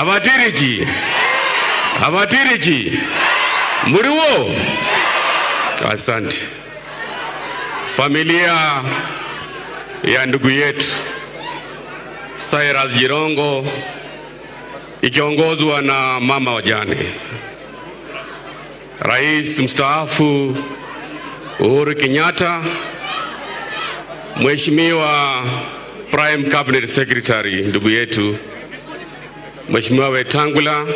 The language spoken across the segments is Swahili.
abatiriki abatiriki muliwo asante familia ya ndugu yetu Cyrus Jirongo ikiongozwa na mama wajane rais mstaafu Uhuru Kenyatta, Mheshimiwa Prime Cabinet Secretary ndugu yetu Mheshimiwa Wetangula,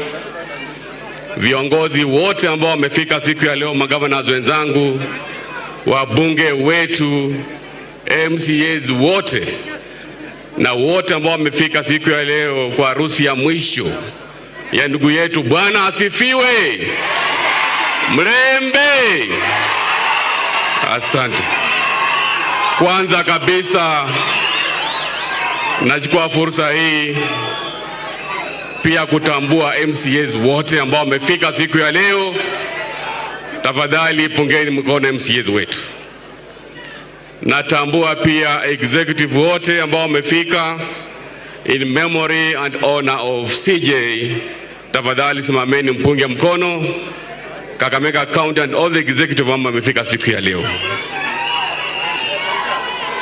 viongozi wote ambao wamefika siku ya leo, magavana wenzangu, wabunge wetu, MCAs wote na wote ambao wamefika siku ya leo kwa harusi ya mwisho ya ndugu yetu. Bwana asifiwe. Mrembe, asante. Kwanza kabisa nachukua fursa hii pia kutambua MCAs wote ambao wamefika siku ya leo. Tafadhali pungeni mkono MCAs wetu. Natambua pia executive wote ambao wamefika in memory and honor of CJ. Tafadhali simameni mpunge mkono. Kakamega County and all the executive ambao wamefika siku ya leo.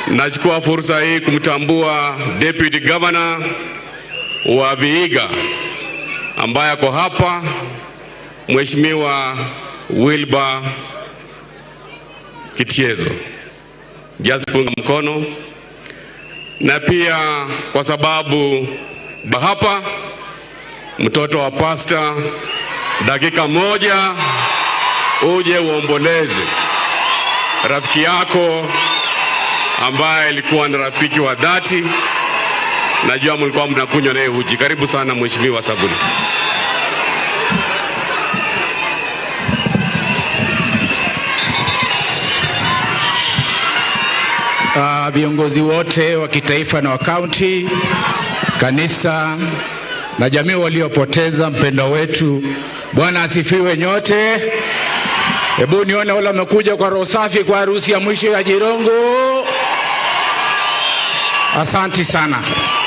Nachukua fursa hii kumtambua Deputy Governor wa viiga ambaye ako hapa, Mheshimiwa wilba Kitiezo just punga mkono, na pia kwa sababu hapa mtoto wa pasta, dakika moja uje uomboleze rafiki yako ambaye alikuwa ni rafiki wa dhati najua mlikuwa mnakunywa naye uji. Karibu sana Mheshimiwa Sabuni. Uh, viongozi wote wa kitaifa na wa kaunti, kanisa na jamii waliopoteza mpendwa wetu, Bwana asifiwe nyote. Hebu nione wale wamekuja kwa roho safi kwa harusi ya mwisho ya Jirongo. Asanti sana.